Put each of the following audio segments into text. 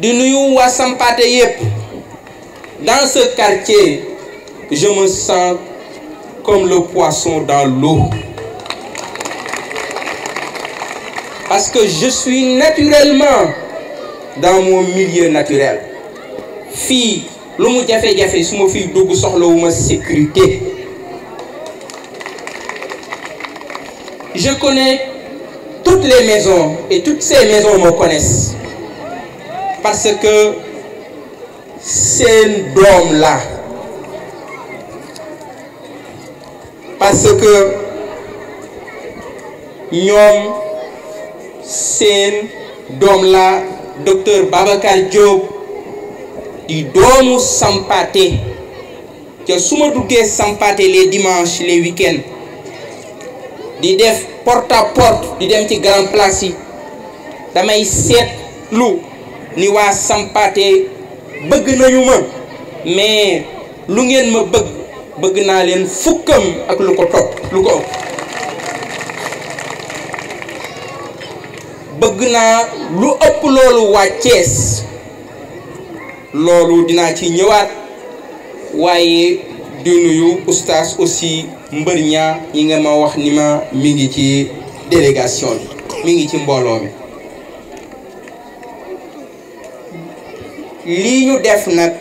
di nuyu waa Sampaate yëpp dans ce quartier je me sens comme le poisson dans l'eau parce que je suis naturellement dans mon milieu naturel fii lu mu jafe-jafe su ma fiy dugg soxlawuma sécurité je connais toutes les maisons et toutes ces maisons me connaissent parce que seen doom la parce que ñoom seen doom la docteur Babacar Diop di doomu Sampaté te su ma duggee Sampaté les dimanches les week di def porte à porte di dem ci grand place yi damay seetlu ni waa Sampaate bëgg nañu ma mais lu ngeen ma bëgg bëgg naa leen fukkam ak lu ko topp lu ko bëgg naa lu ëpp loolu waa Cees loolu dinaa ci ñëwaat waaye di nuyu oustaz aussi mbër ñaa yi ngeen ma wax ni ma mi ngi ci délégation bi mi ngi ci mbooloo mi lii ñu def nag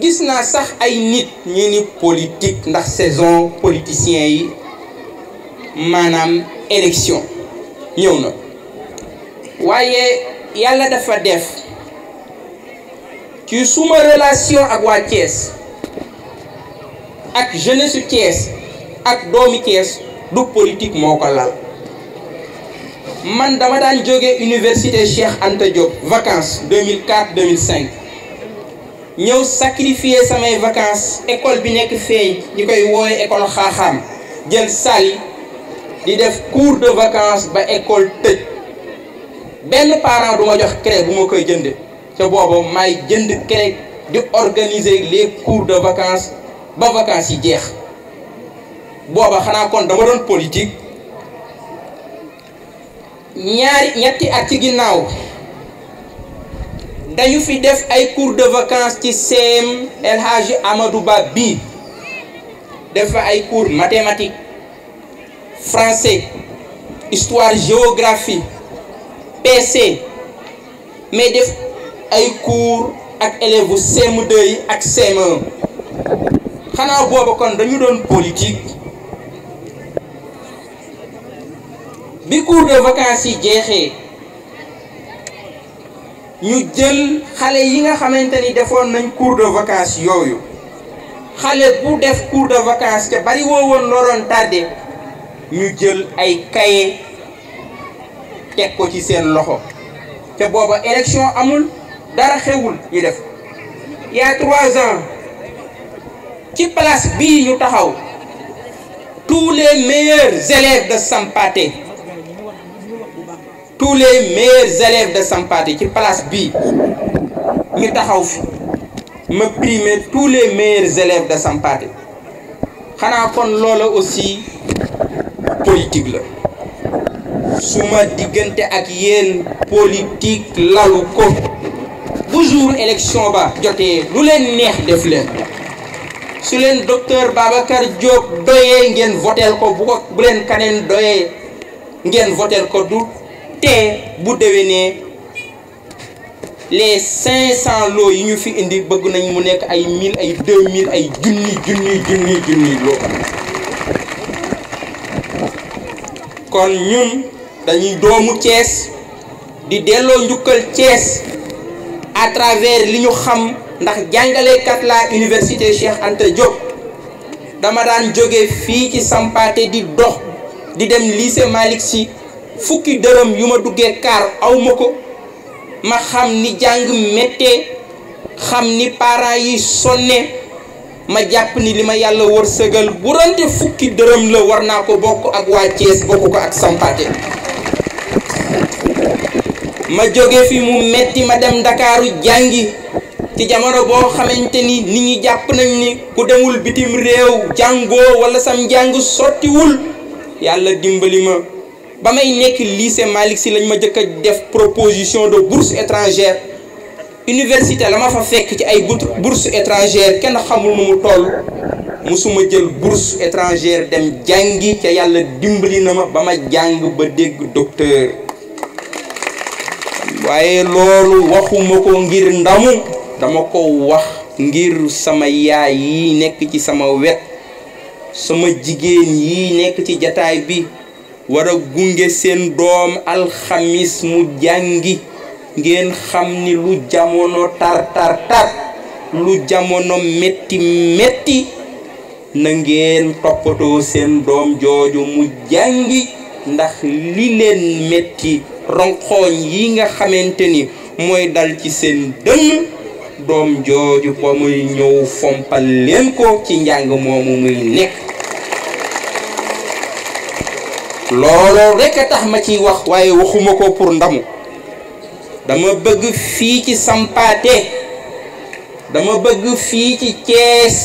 gis naa sax ay nit ñu ni politique ndax saison politicien yi maanaam élection ñëw na waaye yàlla dafa def ci suma relasion ak waa Thiès ak jeunesse su ak doomi Thiès du politique moo ko lal man dama daan jóge université Cheikh Anta Diop vacances 2004 2005 ñëw sacrifier samay vacances école bi nekk feeñ ñi koy wooye école xaaxaam jël sali di def cours de vacances ba école tëj benn parent du ma jox craie bu ma koy jënd ca booba maay jënd craie di organiser les cours de vacances ba vacances yi jeex booba xanaa kon dama doon politique ñaari ñetti at ci ginnaaw dañu fi def ay cours de vacances ci CEM El Hadj Amadou Ba bi def fa ay cours mathématiques français histoire géographie PC mais def ay cours ak élèves bu CM2 yi ak CM1 xanaa booba kon dañu doon politique. bi cours de vacances yi jeexee ñu jël xale yi nga xamante ni defoon nañ cours de vacances yooyu xale bu def cours de vacances te bari woo woon loroon tardé ñu jël ay cahier teg ko ci seen loxo te booba élection amul dara xewul ñu def il trois ans ci place bii ñu taxaw tous les meilleurs élèves de Sampaté tous les meilleurs élèves de Sampaté ci place bi ñu taxaw fi ma primer tous les meilleurs élèves de Sampaté xanaa kon loola aussi politique la su ma diggante ak yéen politique lalu ko bu élection ba jotee lu leen neex def leen su leen docteur Babacar Diop doyee ngeen votel ko bu ko bu leen kaneen doyee ngeen voteel ko du tee bu déwénee les cinq cent lots yi ñu fi indi bëgg nañ mu nekk ay mille ay deux mille ay junni junni junni junni loo kon ñun dañuy doomu Thiès di delloo njukkal cees à travers li ñu xam ndax jàngalekat laa université Cheikh Anta Diop dama daan jóge fii ci Sampaate di dox di dem lycée Malick Sy fukki dërëm yu ma duggee kaar awma ko ma xam ni jàng méttee xam ni parents yi sonne ma jàpp ni li ma yàlla wërsëgal sëgal rante fukki dërëm la war naa ko bokk ak waa Thiès bokk ko ak Sampaate ma jóge fi mu metti ma dem ndakaaru jàngi ci jamono boo xamante ni nit ñi jàpp nañ ni ku demul bitim réew jàngoo wala sam njàng sottiwul yàlla dimbali ma ba may nekk lycée Malick Sy lañ ma jëkk a def proposition de bourse étrangère université la ma fa fekk ci ay bourse étrangère kenn xamul nu mu toll musuma jël bourse étrangère dem jàngi ca yàlla dimbali na ma ba ma jàng ba dégg docteur waaye loolu waxuma ko ngir ndamu dama ko wax ngir sama yaay yi nekk ci sama wet sama jigéen yi nekk ci jataay bi war a gunge seen doom alxamis mu jàngi ngeen xam ni lu jamono tar tar tar lu jamono metti metti na ngeen toppatoo seen doom jooju mu jàngi ndax li leen metti ronqooñ yi nga xamante ni mooy dal ci seen dënn doom jooju ba muy ñëw fompal leen ko ci njàng moomu muy nekk looloo rekk a tax ma ci wax waaye waxuma ko pour ndamu dama bëgg fii ci sampate dama bëgg fii ci Thiès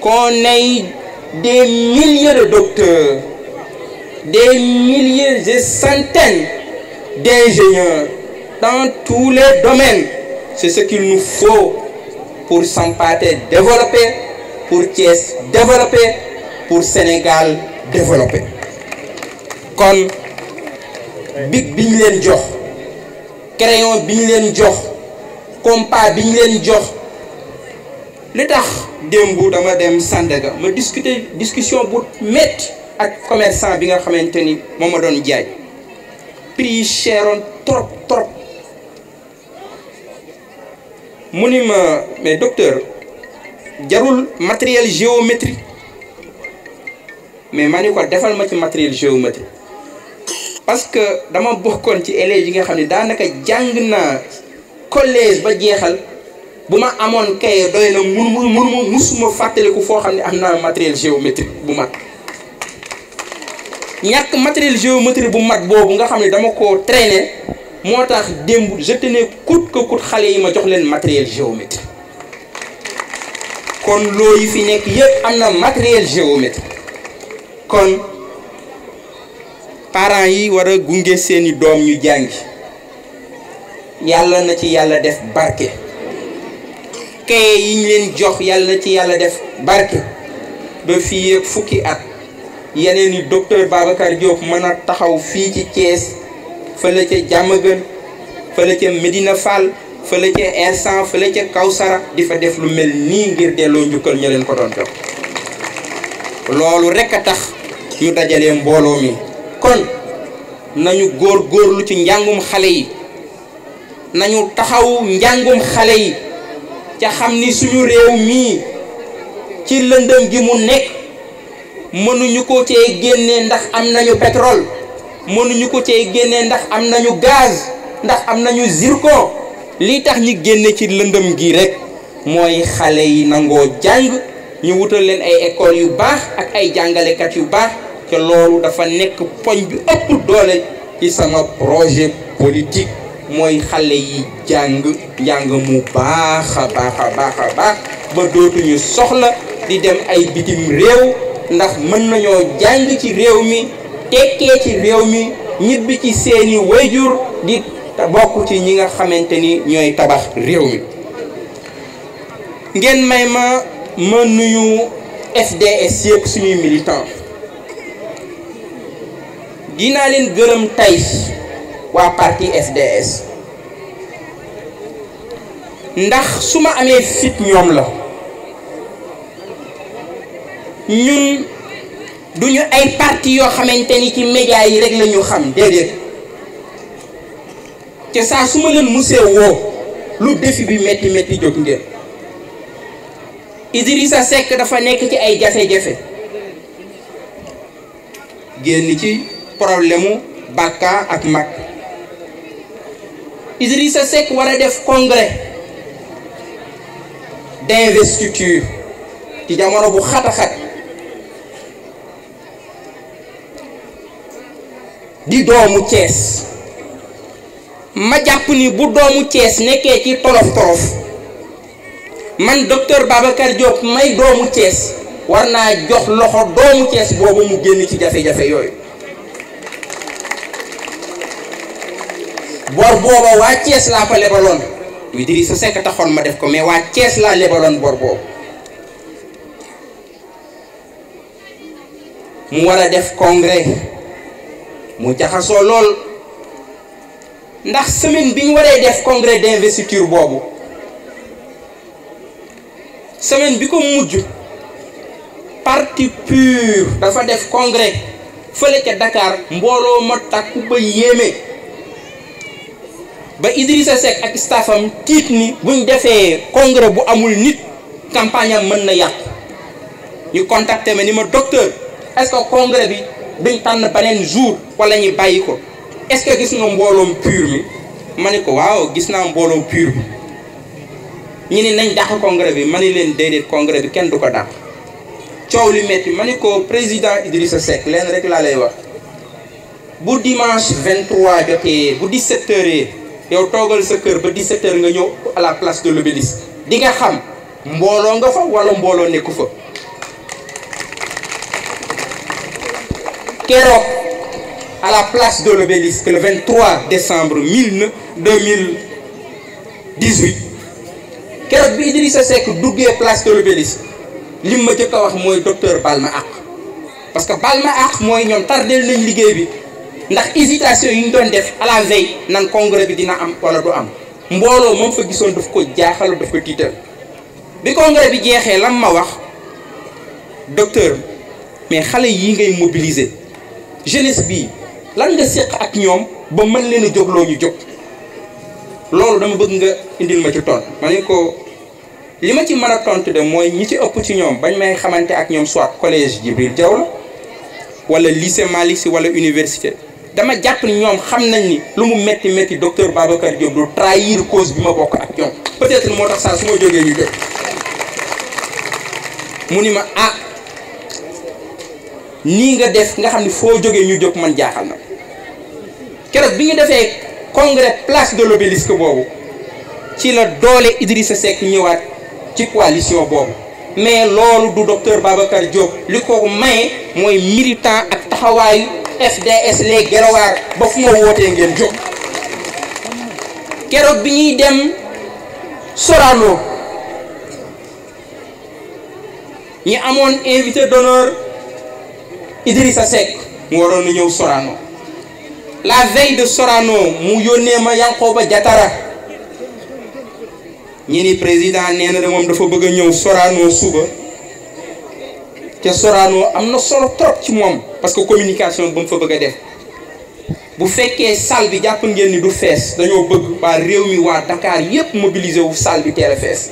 qu'on ait des milliers de docteurs des milliers des centaines d'ingénieurs dans tous les domaines c'est ce qu'il nous faut pour Sampaate développer pour Thiès développer pour Sénégal développé kon big bi ñu leen jox crayon bi ñu leen jox compas bi ñu leen jox li tax démb dama dem Sandaga ma discuter discussion bu métti ak commerçant bi nga xamante ni moo ma doon jaay prix yi cheroon mu ni ma mais docteur jarul matériel géométrique mais ma ni ko defal ma ci matériel géométrique parce que dama bokkoon ci élèves yi nga xam ne daanaka jàng naa collège ba jeexal bu ma amoon kay doy na mun mu mun musuma fàttaliku foo xam ne am naa matériel géométrique bu mat ñàkk matériel géométrique bu mat boobu nga xam ne dama ko traîner moo tax démb je ne coûte que coûte xale yi ma jox leen matériel géométrique kon loolu yi fi nekk yëpp am na matériel géométrique kon parents yi war a gunge seeni doom ñu jàngi yàlla na ci yàlla def barke kaye yi ñu leen jox yàlla ci yàlla def barke ba fii ak fukki at yeneen i docteur Babacar mën a taxaw fii ci Thiès fële ca Diamaguène fële ca Medina Fall fële ca Insan fële ca Kawsara di fa def lu mel nii ngir delloo njukkal ñu leen ko doon jox loolu rekk a tax ñu dajalee mbooloo mi kon nañu góor góorlu ci njàngum xale yi nañu taxaw njàngum xale yi ca xam ni suñu réew mii ci lëndëm gi mu nekk mënuñu ko cee génne ndax am nañu petrol mënuñu ko cee génne ndax am nañu gaz ndax am nañu zircon lii tax ñi génne ci lëndëm gi rek mooy xale yi nangoo jàng ñu wutal leen ay ecole yu baax ak ay jàngalekat yu baax ca loolu dafa nekk poñ bi ëpp doole ci sama projet politique mooy xale yi jàng njàng mu baax a baax baax baax ba dootuñu soxla di dem ay bitim réew ndax mën nañoo jàng ci réew mi tekkee ci réew mi ñibbi ci seeni wayjur di bokk ci ñi nga xamante ni ñooy tabax réew mi ngeen may ma ma nuyu FDS yëpp suñuy militant dinaa leen gërëm tey waa parti FDS ndax su ma amee fit ñoom la ñun duñu ay parti yoo xamante ni ci média rek la ñu xam déedéet te saa su ma leen musee woo lu défi bi métti métti jóg ngeen Idrissa Seck dafa nekk ci ay jafe-jafe génn ci problème mu Bakka ak mag Idrissa Seck war a def congrès d'investiture ci jamono bu xat xat di doomu Cees ma jàpp ni bu doomu Cees nekkee ci tolof tolof man docteur Babacar Diop may doomu Cees war naa jox loxo doomu Cees boobu mu génn ci jafe-jafe yooyu bor booba waa Thiès laa ko lebaloon du diri sa sekk taxoon ma def ko mais waa Thiès laa lebaloon bor boobu mu war a def congrès mu jaxasoo lool ndax semaine bi ñu waree def congrès d'investiture boobu semaine bi ko mujj parti pur dafa def congrès fële ca Dakar mbooloo ma takku ba yéeme ba Idrissa Seck ak staffam tiit ni buñ defee congrès bu amul nit campagne mën na yàq ñu contacté ma ni ma docteur est-ce bi duñ tànn beneen jour wala ñu bàyyi ko est-ce gis nga mbooloom pur mi ma ne ko waaw gis naa mbooloom pur bi ñu ne nañ dàq congrès bi ma ne leen déedéet congrès bi kenn du ko dàq coow li metti ma ne ko président Idrissa Seck leen rek laa lay wax bu dimanche 23 jotee bu 17 yi yow toogal sa kër ba di heures nga ñëw à la place de l'obélisque di nga xam mbooloo nga fa wala mbooloo nekku fa keroog à la place de l'obélisque le 23 décembre 2018 keroog bi sa Seck duggee place de l'obélisque lim ma jëkk a wax mooy docteur Balma ak parce que Balma ak mooy ñoom tardeel nañ liggéey bi. ndax hésitation yi ñu doon def à la nan congrès bi dina am wala du am mbooloo moom fa gisoon daf ko jaaxal daf ko tiital bi congrès bi jeexee lan ma wax docteur mais xale yii ngay mobiliser jeunesse bi lan nga séq ak ñoom ba mën leen a ñu jóg loolu dama bëgg nga indil ma ci tontu ma ne ko li ma ci mën a tontu de mooy ñi ci ëpp ci ñoom bañ may xamante ak ñoom soit collège Djibril Diaw la wala lycée Malick Sy wala université. dama jàpp ni ñoom xam nañ ni lu mu métti métti docteur Babacar Diop du trahir cause bi ma bokk ak ñoom peut-être moo tax saa su ma jógee ñu jóg mu ni ma ah nii nga def nga xam ni foo jógee ñu jóg man jaaxal na keroog bi ñu defee congrès place de l'obélisque boobu ci la doole idri sa sekk ñëwaat ci coalition boobu mais loolu du docteur Babacar Diop li ko maye mooy militant ak taxawaayu. FDS les Guelwaar ba fu ma wootee ngeen jóg keroog bi ñuy dem Sorano ñi amoon invité d'honneur Idrissa Seck mu waroon na ñëw soraano la veille de Sorano mu yónnee ma Yankhoba Diattara ñi ni président nee na de moom dafa bëgg a ñëw Sorano suba te Sorano am na solo trop ci moom parce que communication ba mu fa bëgg a def bu fekkee salle bi jàpp ngeen ni du fees dañoo bëgg waa réew mi waa Dakar yépp mobiliser wu salle bi teel a fees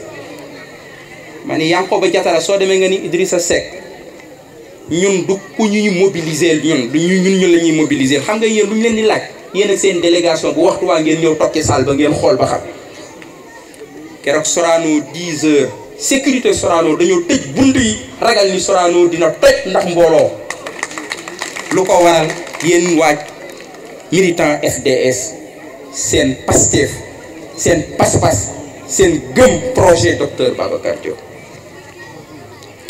ma ne Yankhoba Diattara soo demee nga ni Idrissa Seck ñun du ku ñuy mobiliser ñun du ñun ñun la ñuy mobiliser xam nga yéen lu ñu leen di laaj yéen ak seen délégation bu waxtu waa ngeen ñëw tokki salle ba ngeen xool ba xam keroog Sorano 10 heures. sécurité Sorano dañoo tëj bunt yi ragal ni Sorano dina toj ndax mbooloo lu ko waral yéen waaj militant FDS seen Pastef seen pas-pas seen gëm projet docteur Babacar Diop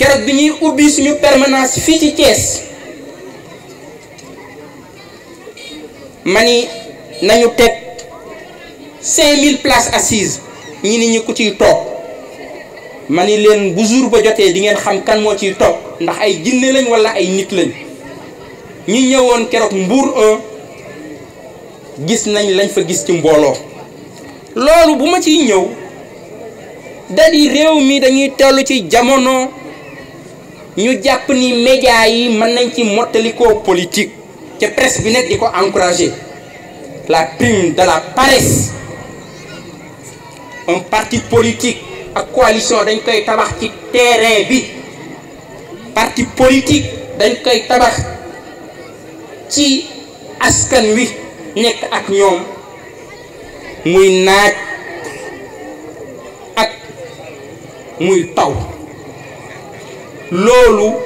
keroog bi ñuy ubbi suñu permanence fii ci Thiès ma ni nañu teg 5000 places assises ñi ni ñu ko ciy toog ma ni leen bu jour ba jotee di ngeen xam kan moo ci toog ndax ay jinne lañ wala ay nit lañ ñi ñëwoon keroog mbuur 1 gis nañ lañ fa gis ci mbooloo loolu bu ma ciy ñëw dali réew mi dañuy toll ci jamono ñu jàpp ni média yi mën nañ ci mottalikoo politique ca presse bi nekk di ko encourager la prime de la paresse un parti politique ak coalition dañ koy tabax ci terrain bi parti politique dañ koy tabax ci askan wi nekk ak ñoom muy naaj ak muy taw loolu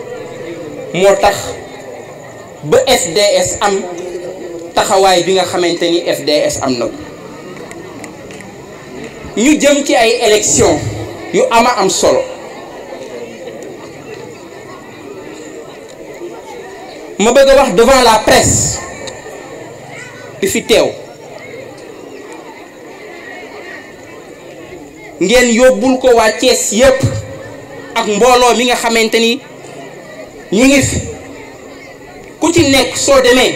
moo tax ba FDS am taxawaay bi nga xamante ni FDS am na ñu jëm ci ay élection yu am a am solo ma bëgg a wax devant la presse bi fi teew ngeen yóbbul ko waa Thiès yépp ak mbooloo mi nga xamante ni ñu ngi fi ku ci nekk soo demee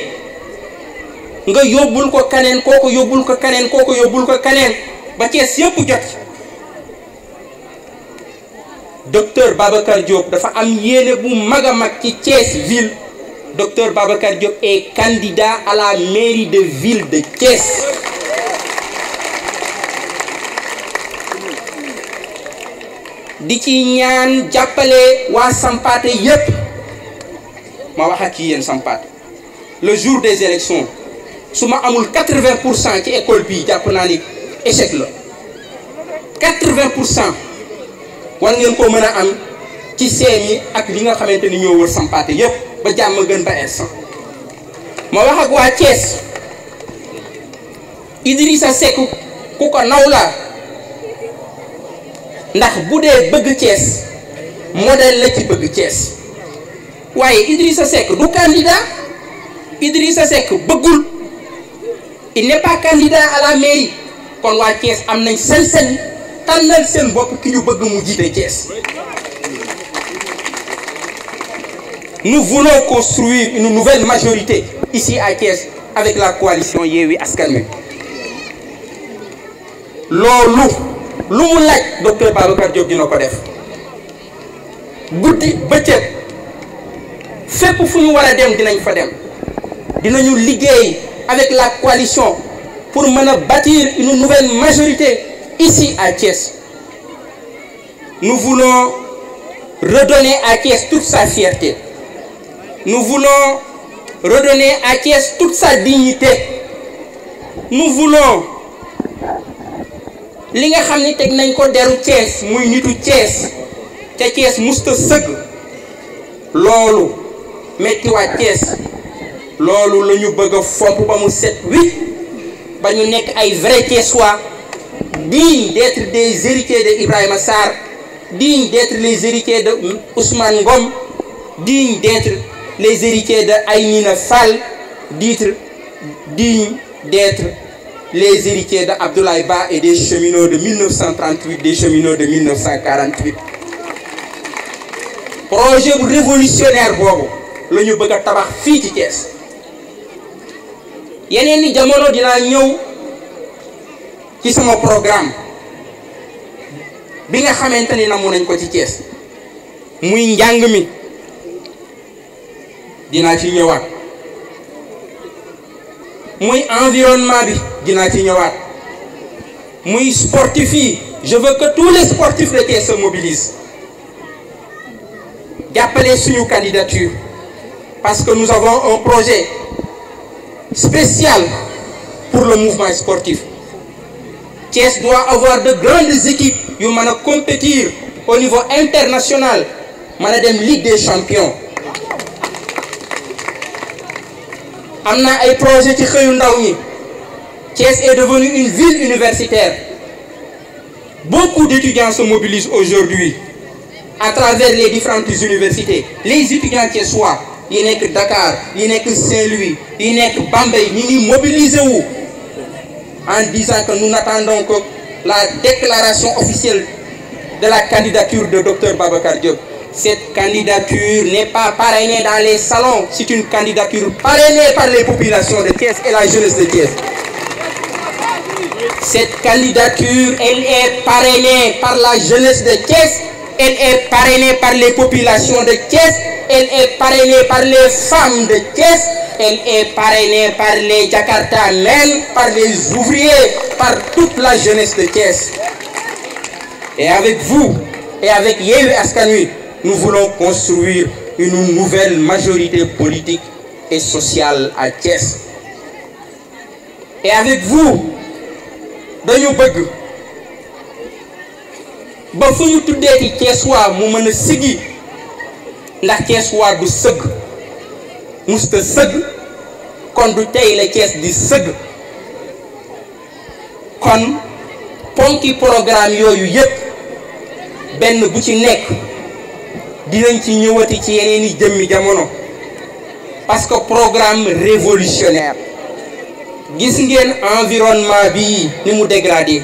nga yóbbul ko kaneen koo yóbbul ko kaneen koo ko ko kaneen ba Thiès yépp jot docteur Babacar Diop dafa am yéene bu mag a mag ci Thiès ville docteur Babacar Diop est candidat à la mairie de ville de Thiès di ci ñaan jàppale waa Sampaate yépp ma wax ak yéen Sampaate le jour des élections su ma amul quatre-vingt pour cent ci école bii jàpp naa ni échec la vingt pour cent war ngeen koo mën a am ci seen yi ak li nga xamante ni ñoo wër sampaate yépp ba jàmm gën ba es ma wax ak waa Thiès Idrissa Seck ku ko naw la ndax bu dee bëgg Thiès modèle la ci bëgg Thiès waaye Idrissa Seck du candidat Idrissa Seck bëggul il n'est pas candidat kon waa Thiès am nañ sel-sel tànnal seen bopp ki ñu bëgg mu jiite Thiès nous voulons construire une nouvelle majorité ici à Thiès avec la coalition Yewwi Askan Wi loolu lu mu laaj docteur Babacar Diop dina ko def guddi bëccëg fépp fu ñu war dem dinañ fa dem dinañu liggéey avec la coalition pour mën a bâtir une nouvelle majorité ici à Thiès. Nous voulons redonner à Thiès toute sa fierté. Nous voulons redonner à Thiès toute sa dignité. Nous voulons li nga xam ni teg nañ ko deru Thiès muy nitu Thiès te Thiès musta sëgg loolu metti waa Thiès loolu la ñu bëgg a fomp ba mu set wicc ba ñu nekk ay vrai Thiessois dignes d'être des héritiers de Ibrahima Sarr dignes d'être les héritiers de Ousmane Ngom dignes d'être les héritiers de Aynina Fall d'être dignes d'être les héritiers de Abdoulaye Ba et des cheminots de 1938 des cheminots de 1948 projet bu révolutionnaire boobu la ñu bëgg a tabax fii ci Thiès yeneen ni jamono dinaa ñëw. ci sama programme bi nga xamante ni namu nañ ko ci Thiès muy njàng mi dinaa ci ñëwaat muy environnement bi dinaa ci ñëwaat muy sportif yi veux que tous les sportifs de Thiès se mobilisent jàppale suñu candidature parce que nous avons un projet spécial pour le mouvement sportif Thiès doit avoir de grandes équipes yu mën a compétir au niveau international mën dem Ligue des champions am na ay projet ci xëyu ndaw ñi Thiès est devenue une ville universitaire beaucoup d'étudiants se mobilisent aujourd'hui à travers les différentes universités les étudiants thiessois yi nekk Dakar yi nekk Saint-Louis yi nekk Bambey ñi ngi mobiliser wu en disant que nous n'attendons que la déclaration officielle de la candidature de docteur Babacar Diop. Cette candidature n'est pas parrainée dans les salons, c'est une candidature parrainée par les populations de Thiès et la jeunesse de Thiès. Cette candidature, elle est parrainée par la jeunesse de Thiès, elle est par les populations de Thiès, elle est parrainée par les femmes de Thiès, elle est parrainée par les Jakarta même par les ouvriers, par toute la jeunesse de Thiès. Et avec vous et avec Yewwi Askan nous voulons construire une nouvelle majorité politique et sociale à Thiès. Et avec vous dañu bëgg ba fu ñu tuddee ci Thiès waa mu mën a sigi ndax Thiès waa du musta sëgg kon du tey la Thiès di sëgg kon ponki programme yooyu yëpp benn bu ci nekk dinañ ci ñëwati ci yeneen i jëmmi jamono parce que programme révolutionnaire gis ngeen environnement bi ni mu dégradé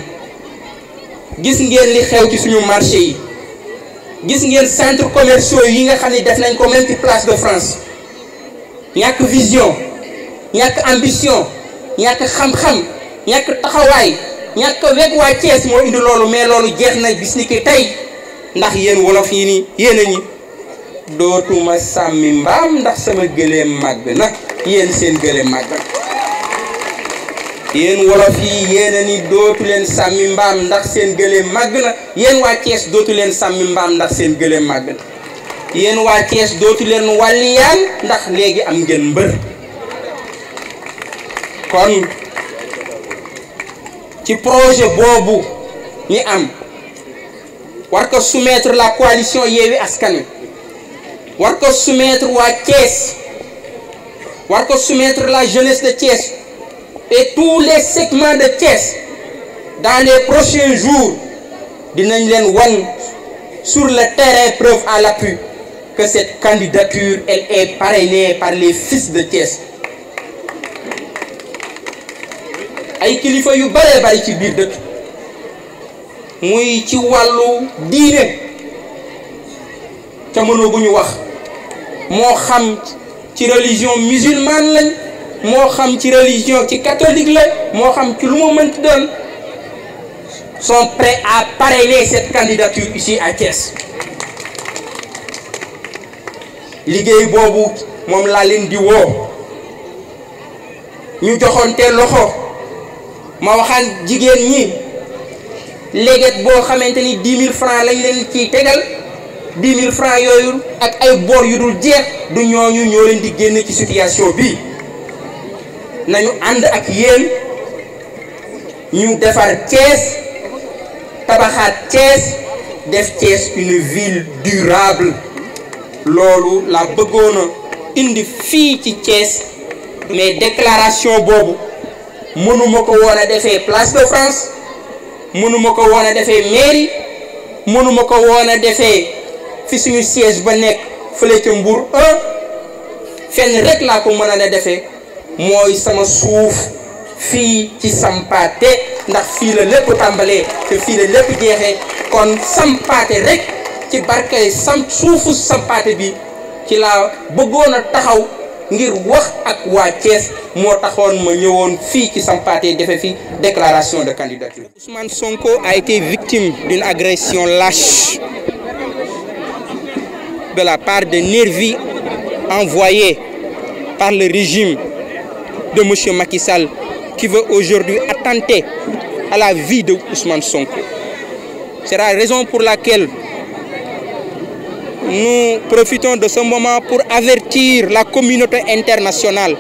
gis ngeen li xew ci suñu marché yi gis ngeen centres commerciaux yi nga xam ne def nañ ko même ci place de France ñàkk vision ñàkk ambition ñàkk xam-xam ñàkk taxawaay ñàkk weg waa Thiès moo indi loolu mais loolu jeex na gis ni ki tey ndax yéen wolof yi nii yéen a ñi dootuma sàmmi mbaam ndax sama gëleem màgg na yéen seen gëleem màgg na yéen wolof yi ni dootu leen sàmmi mbaam ndax seen gëleem màgg na yéen waa Thiès dootu leen sàmmi mbaam ndax seen gëleem màgg na yéen waa Thiès dootu leen wàlliyaan ndax léegi am ngeen mbër kon ci projet boobu ñi am war ko soumettre la coalition Yewwi Askan Wi war ko soumettre waa Thiès war ko soumettre la jeunesse de Thiès et tous les segments de Thiès dans les prochains jours dinañ leen wan sur le terrain preuve à l'appui que cette candidature, elle est parrainée par les fils de Thiès. ay kilifa yu bëree bëri ci biir dëkk muy ci wàllu diine ca mënoo bu ñu wax moo xam ci religion musulmane lañ moo xam ci religion ci catholique la moo xam ci lu mu mënti doon sont prêts à parrainer cette candidature ici à Thiès. liggéey boobu moom laa leen di woo ñu joxoonte loxo ma waxaan jigéen ñi léget boo xamante ni dix mille francs lañ leen ciy tegal dix mille francs yooyu ak ay bor yu dul jeex du ñu ñoo leen di génn ci situation bi nañu ànd ak yéen ñu defar Thiès tabaxaat Thiès def Thiès une ville durable loolu laa bëggoon a indi fii ci Thiès mais déclaration boobu mënuma ko woon a defee place de France mënuma ko woon a defee mairie mënuma ko woon a defee fi suñu siège ba nekk fële ca Mbour 1 fenn rek laa ko mën a defee mooy sama suuf fii ci Sampaate ndax fii la lépp tàmbalee te fii la lépp jeexee kon Sampaate rek ci barkay sam suufu sampaate bi ci la bëggoon taxaw ngir wax ak waa Thiès moo taxoon ma ñëwoon fii ci Sampaté defe fi déclaration de candidature. Ousmane Sonko a été victime d'une agression lâche de la part de nervis envoyés par le régime de monsieur Macky Sall qui veut aujourd'hui attenter à la vie de Ousmane Sonko. C'est la raison pour laquelle nous profitons de ce moment pour avertir la communauté internationale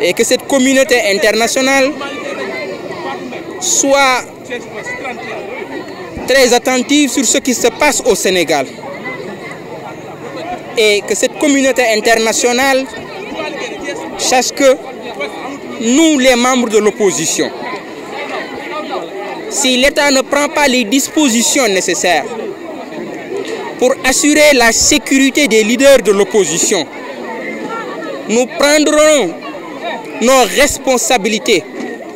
et que cette communauté internationale soit très attentive sur ce qui se passe au Sénégal et que cette communauté internationale sache que nous, les membres de l'opposition, si l'État ne prend pas les dispositions nécessaires pour assurer la sécurité des leaders de l'opposition, nous prendrons nos responsabilités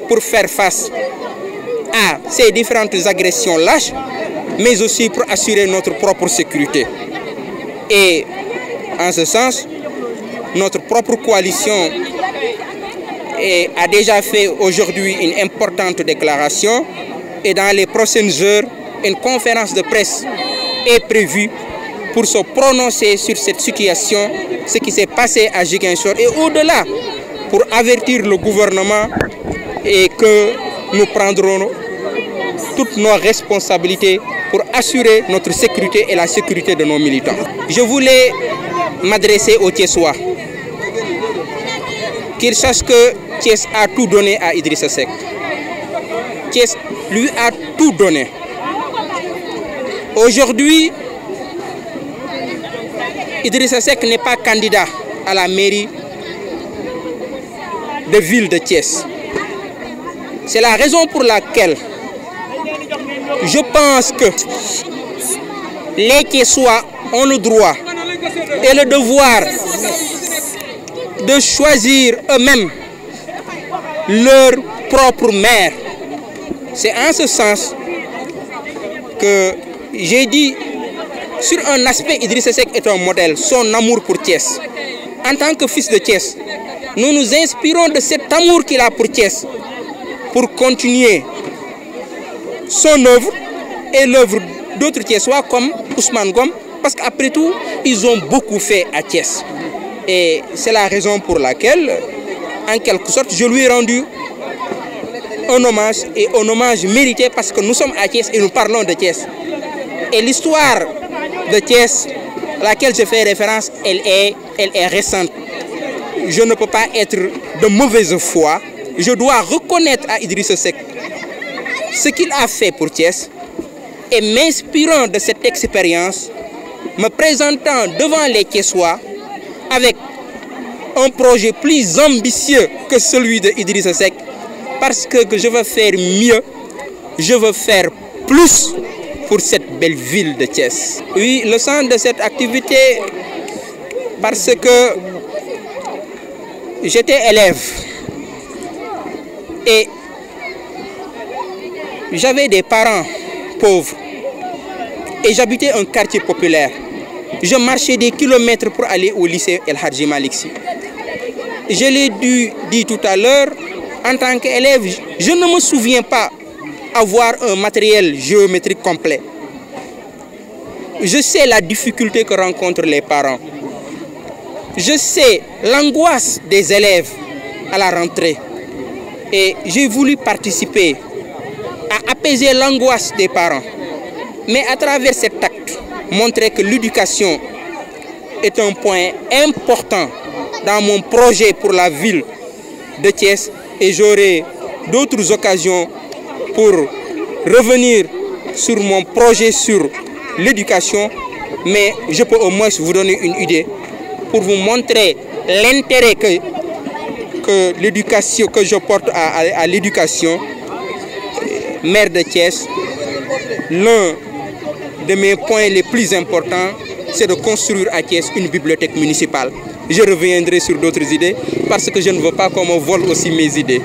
pour faire face à ces différentes agressions lâches, mais aussi pour assurer notre propre sécurité. Et en ce sens, notre propre coalition a déjà fait aujourd'hui une importante déclaration et dans les prochaines heures, une conférence de presse est prévue pour se prononcer sur cette situation, ce qui s'est passé à Jigenshore et au-delà, pour avertir le gouvernement et que nous prendrons toutes nos responsabilités pour assurer notre sécurité et la sécurité de nos militants. Je voulais m'adresser aux Thiessois, qu'ils sachent que Thiès a tout donné à Idrissa Seck. lui a tout donné. Aujourd'hui, Idrissa Seck n'est pas candidat à la mairie de ville de Thiès. C'est la raison pour laquelle je pense que les Thiessois ont le droit et le devoir de choisir eux-mêmes leur propre maire. C'est en ce sens que j'ai dit sur un aspect, Idriss Seck est un modèle, son amour pour Thiès. En tant que fils de Thiès, nous nous inspirons de cet amour qu'il a pour Thiès pour continuer son œuvre et l'œuvre d'autres Thiessois comme Ousmane Gom, parce qu'après tout, ils ont beaucoup fait à Thiès. Et c'est la raison pour laquelle, en quelque sorte, je lui ai rendu un hommage et un hommage mérité parce que nous sommes à Thiès et nous parlons de Thiès. Et l'histoire de Thiès à laquelle je fais référence, elle est, elle est récente. Je ne peux pas être de mauvaise foi. Je dois reconnaître à Idriss Seck ce qu'il a fait pour Thiès et m'inspirant de cette expérience, me présentant devant les Thiessois avec un projet plus ambitieux que celui de Idriss Seck parce que je veux faire mieux, je veux faire plus pour cette belle ville de Thiès. Oui, le sens de cette activité, parce que j'étais élève et j'avais des parents pauvres et j'habitais un quartier populaire. Je marchais des kilomètres pour aller au lycée El Hadji Maliksi. Je l'ai dit tout à l'heure, en tant qu'élève, je ne me souviens pas avoir un matériel géométrique complet. Je sais la difficulté que rencontre les parents. Je sais l'angoisse des élèves à la rentrée. Et j'ai voulu participer à apaiser l'angoisse des parents. Mais à travers cet acte, montrer que l'éducation est un point important dans mon projet pour la ville de Thiès et j'aurai d'autres occasions pour revenir sur mon projet sur l'éducation, mais je peux au moins vous donner une idée pour vous montrer l'intérêt que, que l'éducation que je porte à, à, à l'éducation. Maire de Thiès, l'un de mes points les plus importants c'est de construire à Thiès une bibliothèque municipale. Je reviendrai sur d'autres idées parce que je ne veux pas qu'on me vole aussi mes idées.